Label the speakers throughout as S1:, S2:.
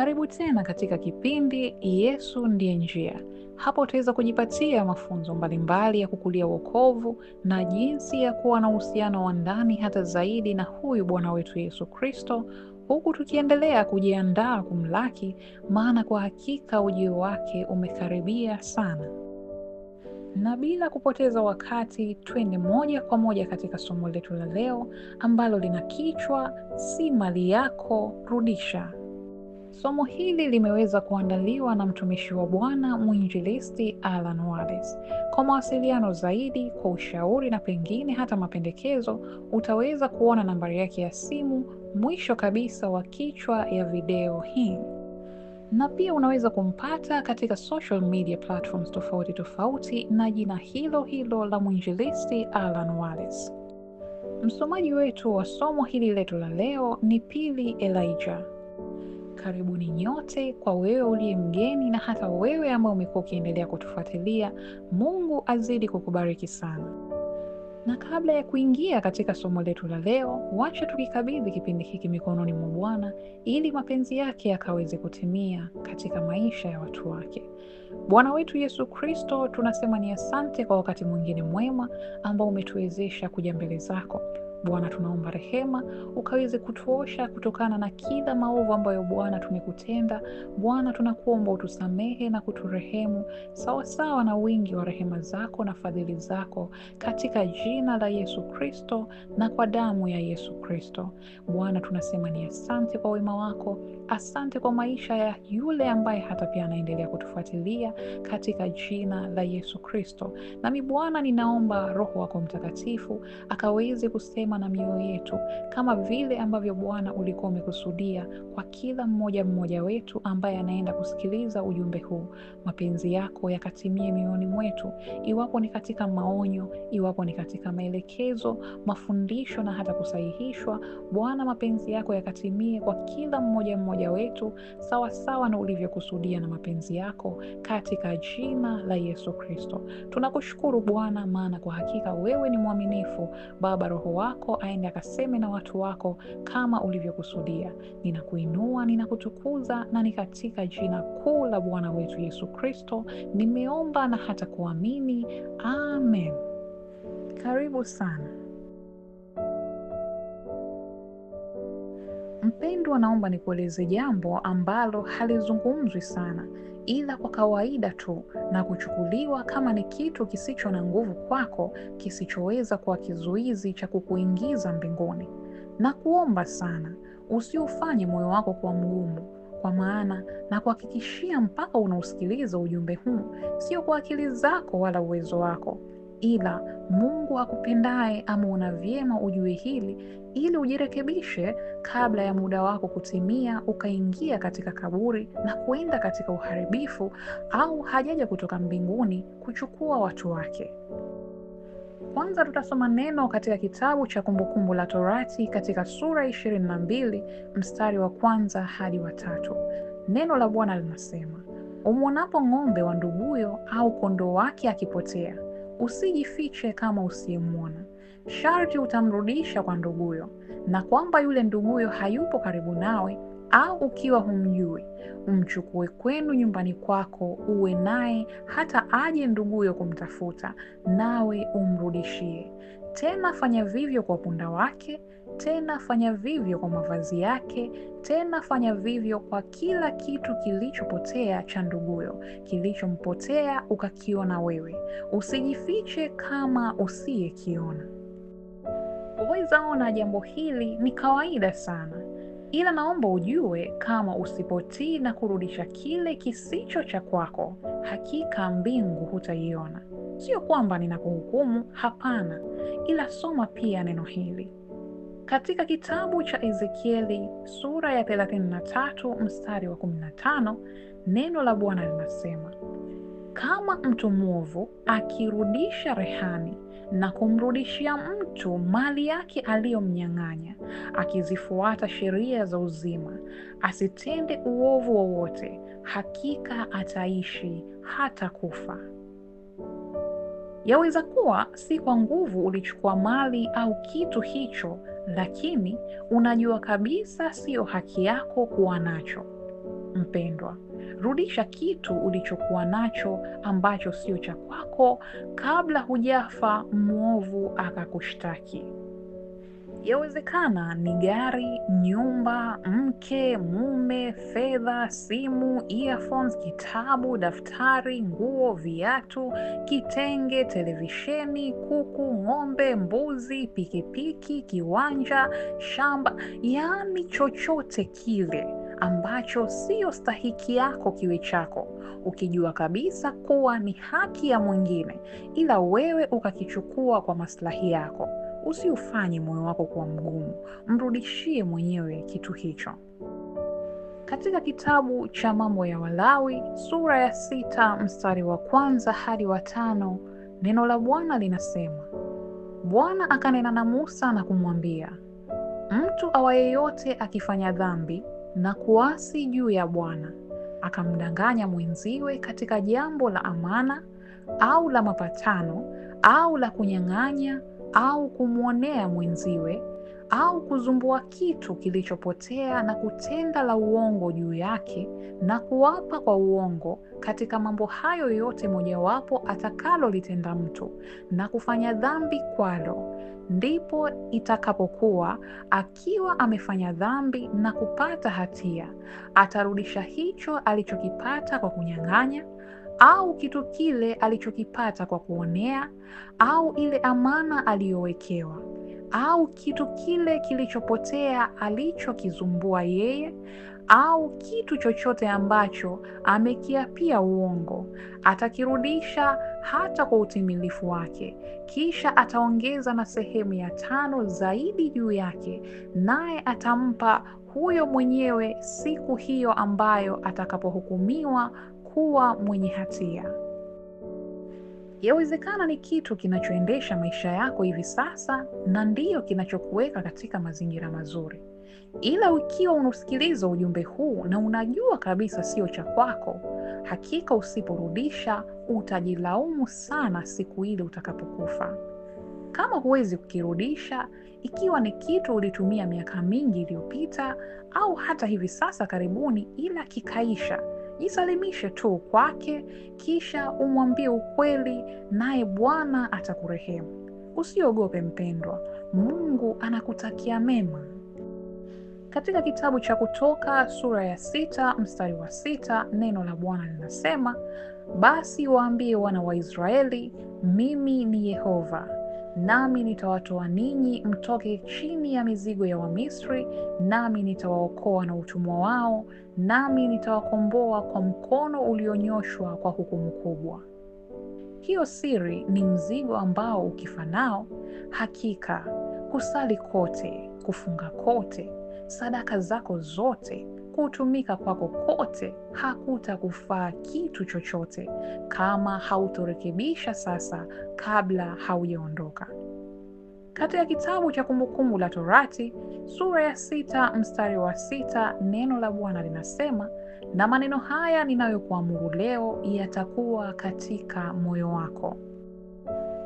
S1: Karibu tena katika kipindi Yesu Ndiye Njia. Hapo utaweza kujipatia mafunzo mbalimbali ya kukulia uokovu na jinsi ya kuwa na uhusiano wa ndani hata zaidi na huyu Bwana wetu Yesu Kristo, huku tukiendelea kujiandaa kumlaki, maana kwa hakika ujio wake umekaribia sana. Na bila kupoteza wakati, twende moja kwa moja katika somo letu la leo ambalo lina kichwa si mali yako, rudisha. Somo hili limeweza kuandaliwa na mtumishi wa Bwana mwinjilisti Alan Wales. Kwa mawasiliano zaidi, kwa ushauri na pengine hata mapendekezo, utaweza kuona nambari yake ya simu mwisho kabisa wa kichwa ya video hii, na pia unaweza kumpata katika social media platforms tofauti tofauti na jina hilo hilo la mwinjilisti Alan Wales. Msomaji wetu wa somo hili letu la leo ni Pili Elijah. Karibuni nyote kwa wewe uliye mgeni na hata wewe ambao umekuwa ukiendelea kutufuatilia. Mungu azidi kukubariki sana. Na kabla ya kuingia katika somo letu la leo, wacha tukikabidhi kipindi hiki mikononi mwa Bwana ili mapenzi yake yakaweze kutimia katika maisha ya watu wake. Bwana wetu Yesu Kristo, tunasema ni asante kwa wakati mwingine mwema ambao umetuwezesha kuja mbele zako. Bwana, tunaomba rehema ukaweze kutuosha kutokana na kila maovu ambayo Bwana tumekutenda. Bwana, tunakuomba utusamehe na kuturehemu sawasawa na wingi wa rehema zako na fadhili zako, katika jina la Yesu Kristo na kwa damu ya Yesu Kristo. Bwana, tunasema ni asante kwa wema wako, asante kwa maisha ya yule ambaye hata pia anaendelea kutufuatilia katika jina la Yesu Kristo. Nami Bwana, ninaomba Roho wako Mtakatifu akaweze kusema rehema na mioyo yetu kama vile ambavyo Bwana ulikuwa umekusudia kwa kila mmoja mmoja wetu ambaye anaenda kusikiliza ujumbe huu. Mapenzi yako yakatimie mioyoni mwetu, iwapo ni katika maonyo, iwapo ni katika maelekezo, mafundisho na hata kusahihishwa. Bwana, mapenzi yako yakatimie kwa kila mmoja mmoja wetu sawasawa sawa na ulivyokusudia na mapenzi yako, katika jina la Yesu Kristo tunakushukuru Bwana, maana kwa hakika wewe ni mwaminifu. Baba, Roho wako wako aende akaseme na watu wako kama ulivyokusudia. Ninakuinua, ninakutukuza, na ni katika jina kuu la Bwana wetu Yesu Kristo nimeomba na hata kuamini, amen. Karibu sana mpendwa, naomba nikueleze jambo ambalo halizungumzwi sana ila kwa kawaida tu na kuchukuliwa kama ni kitu kisicho na nguvu kwako, kisichoweza kuwa kizuizi cha kukuingiza mbinguni. Na kuomba sana usiufanye moyo wako kuwa mgumu, kwa maana na kuhakikishia mpaka unausikiliza ujumbe huu, sio kwa akili zako wala uwezo wako, ila Mungu akupendaye ameona vyema ujue hili ili ujirekebishe kabla ya muda wako kutimia, ukaingia katika kaburi na kuenda katika uharibifu, au hajaja kutoka mbinguni kuchukua watu wake. Kwanza tutasoma neno katika kitabu cha Kumbukumbu la Torati katika sura 22 mstari wa kwanza hadi watatu Neno la Bwana linasema, umwonapo ng'ombe wa nduguyo au kondoo wake akipotea, usijifiche kama usiyemwona sharti utamrudisha kwa nduguyo, na kwamba yule nduguyo hayupo karibu nawe au ukiwa humjui, umchukue kwenu nyumbani kwako, uwe naye hata aje nduguyo kumtafuta, nawe umrudishie. Tena fanya vivyo kwa punda wake, tena fanya vivyo kwa mavazi yake, tena fanya vivyo kwa kila kitu kilichopotea cha nduguyo, kilichompotea ukakiona wewe. Usijifiche kama usiyekiona. Unaweza ona jambo hili ni kawaida sana, ila naomba ujue kama usipotii na kurudisha kile kisicho cha kwako, hakika mbingu hutaiona. Sio kwamba ninakuhukumu, hapana, ila soma pia neno hili katika kitabu cha Ezekieli sura ya 33 mstari wa 15, neno la Bwana linasema, kama mtu mwovu akirudisha rehani na kumrudishia mtu mali yake aliyomnyang'anya, akizifuata sheria za uzima. Asitende uovu wowote, hakika ataishi hata kufa. Yaweza kuwa si kwa nguvu ulichukua mali au kitu hicho, lakini unajua kabisa siyo haki yako kuwa nacho. Mpendwa, rudisha kitu ulichokuwa nacho ambacho sio cha kwako, kabla hujafa mwovu akakushtaki. Yawezekana ni gari, nyumba, mke, mume, fedha, simu, earphones, kitabu, daftari, nguo, viatu, kitenge, televisheni, kuku, ng'ombe, mbuzi, pikipiki, kiwanja, shamba, yaani chochote kile ambacho siyo stahiki yako kiwe chako, ukijua kabisa kuwa ni haki ya mwingine, ila wewe ukakichukua kwa maslahi yako. Usiufanye moyo wako kuwa mgumu, mrudishie mwenyewe kitu hicho. Katika kitabu cha Mambo ya Walawi sura ya sita mstari wa kwanza hadi wa tano neno la Bwana linasema, Bwana akanena na Musa na kumwambia, mtu awayeyote akifanya dhambi na kuasi juu ya Bwana, akamdanganya mwenziwe katika jambo la amana au la mapatano au la kunyang'anya au kumwonea mwenziwe au kuzumbua kitu kilichopotea na kutenda la uongo juu yake na kuapa kwa uongo katika mambo hayo yote mojawapo atakalolitenda mtu na kufanya dhambi kwalo, ndipo itakapokuwa akiwa amefanya dhambi na kupata hatia, atarudisha hicho alichokipata kwa kunyang'anya au kitu kile alichokipata kwa kuonea au ile amana aliyowekewa au kitu kile kilichopotea alichokizumbua yeye au kitu chochote ambacho amekiapia uongo, atakirudisha hata kwa utimilifu wake. Kisha ataongeza na sehemu ya tano zaidi juu yake, naye atampa huyo mwenyewe siku hiyo ambayo atakapohukumiwa kuwa mwenye hatia. Yawezekana ni kitu kinachoendesha maisha yako hivi sasa na ndiyo kinachokuweka katika mazingira mazuri, ila ukiwa unausikiliza ujumbe huu na unajua kabisa sio cha kwako, hakika usiporudisha utajilaumu sana siku ile utakapokufa. Kama huwezi kukirudisha, ikiwa ni kitu ulitumia miaka mingi iliyopita au hata hivi sasa karibuni, ila kikaisha jisalimishe tu kwake, kisha umwambie ukweli, naye Bwana atakurehemu. Usiogope mpendwa, Mungu anakutakia mema. Katika kitabu cha Kutoka sura ya sita mstari wa sita neno la Bwana linasema, basi waambie wana wa Israeli, mimi ni Yehova nami nitawatoa ninyi mtoke chini ya mizigo ya Wamisri, nami nitawaokoa na utumwa wao, nami nitawakomboa kwa mkono ulionyoshwa kwa hukumu kubwa. Hiyo siri ni mzigo ambao ukifanao hakika kusali kote, kufunga kote sadaka zako zote kutumika kwako kote hakutakufaa kitu chochote kama hautorekebisha sasa kabla haujaondoka. Katika kitabu cha Kumbukumbu la Torati sura ya sita mstari wa sita neno la Bwana linasema, na maneno haya ninayokuamuru leo yatakuwa katika moyo wako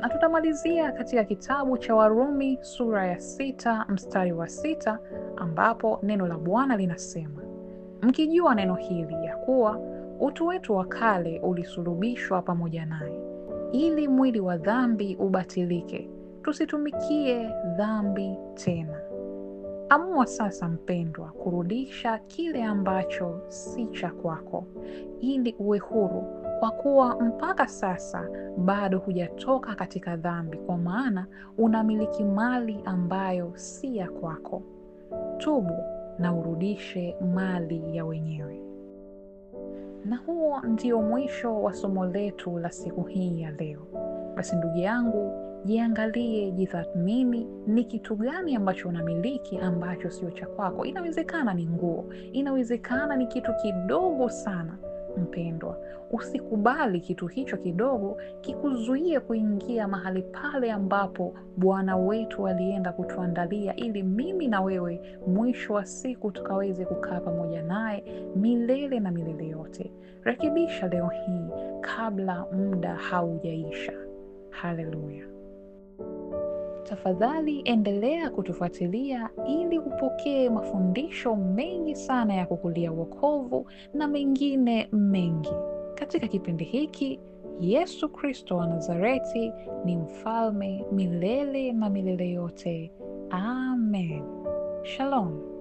S1: na tutamalizia katika kitabu cha Warumi sura ya sita mstari wa sita ambapo neno la Bwana linasema, mkijua neno hili ya kuwa utu wetu wa kale ulisulubishwa pamoja naye, ili mwili wa dhambi ubatilike, tusitumikie dhambi tena. Amua sasa, mpendwa, kurudisha kile ambacho si cha kwako, ili uwe huru kwa kuwa mpaka sasa bado hujatoka katika dhambi, kwa maana unamiliki mali ambayo si ya kwako. Tubu na urudishe mali ya wenyewe. Na huo ndio mwisho wa somo letu la siku hii ya leo. Basi ndugu yangu, jiangalie, jithathmini ni kitu gani ambacho unamiliki ambacho sio cha kwako. Inawezekana ni nguo, inawezekana ni kitu kidogo sana mpendwa, usikubali kitu hicho kidogo kikuzuie kuingia mahali pale ambapo Bwana wetu alienda kutuandalia, ili mimi na wewe mwisho wa siku tukaweze kukaa pamoja naye milele na milele yote. Rekebisha leo hii kabla muda haujaisha. Haleluya tafadhali endelea kutufuatilia ili upokee mafundisho mengi sana ya kukulia uokovu na mengine mengi katika kipindi hiki. Yesu Kristo wa Nazareti ni mfalme milele na milele yote. Amen. Shalom.